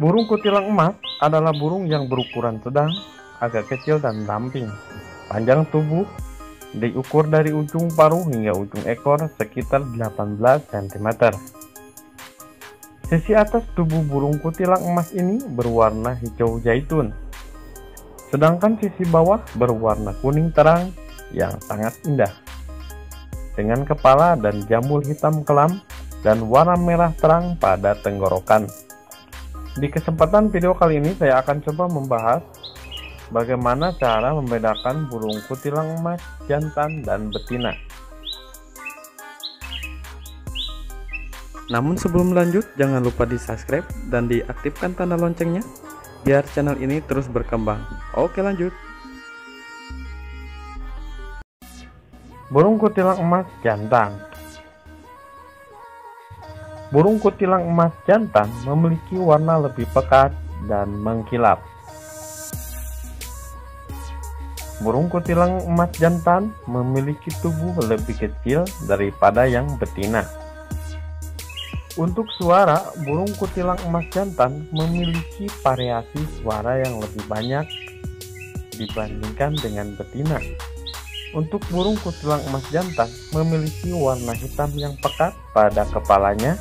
Burung kutilang emas adalah burung yang berukuran sedang, agak kecil dan ramping. Panjang tubuh diukur dari ujung paruh hingga ujung ekor sekitar 18 cm. Sisi atas tubuh burung kutilang emas ini berwarna hijau zaitun, sedangkan sisi bawah berwarna kuning terang yang sangat indah. Dengan kepala dan jambul hitam kelam dan warna merah terang pada tenggorokan. Di kesempatan video kali ini saya akan coba membahas bagaimana cara membedakan burung kutilang emas, jantan, dan betina. Namun sebelum lanjut jangan lupa di subscribe dan diaktifkan tanda loncengnya biar channel ini terus berkembang. Oke lanjut. Burung kutilang emas jantan Burung kutilang emas jantan memiliki warna lebih pekat dan mengkilap. Burung kutilang emas jantan memiliki tubuh lebih kecil daripada yang betina. Untuk suara, burung kutilang emas jantan memiliki variasi suara yang lebih banyak dibandingkan dengan betina. Untuk burung kutilang emas jantan memiliki warna hitam yang pekat pada kepalanya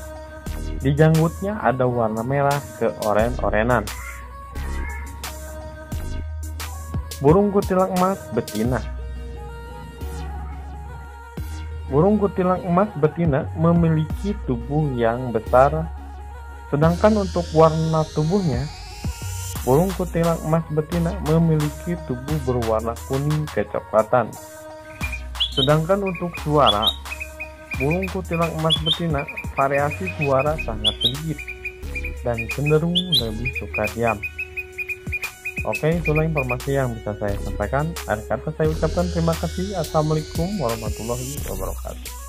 di janggutnya ada warna merah ke oren-orenan. Burung kutilang emas betina Burung kutilang emas betina memiliki tubuh yang besar, sedangkan untuk warna tubuhnya, burung kutilang emas betina memiliki tubuh berwarna kuning kecoklatan. Sedangkan untuk suara, Burung kutilang emas betina variasi suara sangat sedikit dan cenderung lebih suka diam. Oke, itulah informasi yang bisa saya sampaikan. Akhir kata saya ucapkan terima kasih. Assalamualaikum warahmatullahi wabarakatuh.